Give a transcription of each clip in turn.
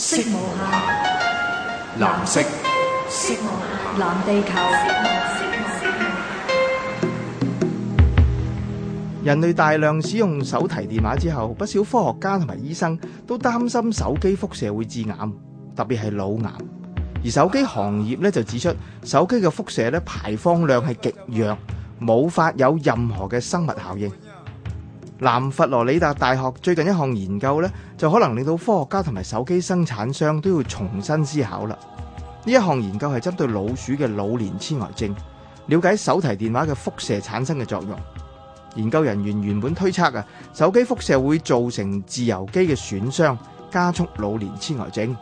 藍色，藍地球。人類大量使用手提電話之後，不少科學家同埋醫生都擔心手機輻射會致癌，特別係腦癌。而手機行業咧，就指出，手機嘅輻射咧排放量係極弱，冇法有任何嘅生物效應。南佛羅里達大學最近一項研究咧，就可能令到科學家同埋手機生產商都要重新思考啦。呢一項研究係針對老鼠嘅老年痴呆症，了解手提電話嘅輻射產生嘅作用。研究人員原本推測啊，手機輻射會造成自由基嘅損傷，加速老年痴呆症。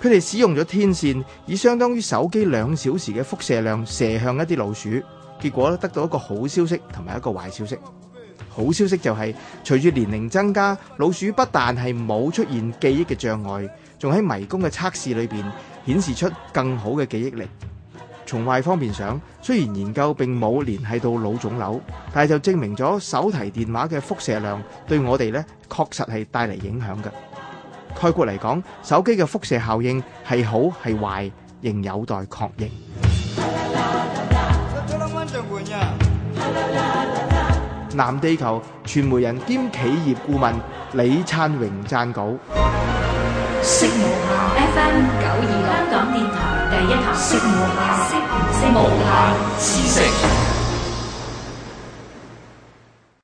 佢哋使用咗天線，以相當於手機兩小時嘅輻射量射向一啲老鼠，結果咧得到一個好消息同埋一個壞消息。好消息就係，隨住年齡增加，老鼠不但係冇出現記憶嘅障礙，仲喺迷宮嘅測試裏邊顯示出更好嘅記憶力。從壞方面想，雖然研究並冇聯繫到腦腫瘤，但係就證明咗手提電話嘅輻射量對我哋呢確實係帶嚟影響嘅。概括嚟講，手機嘅輻射效應係好係壞，仍有待確認。藍地球傳媒人兼企業顧問李燦榮撰稿。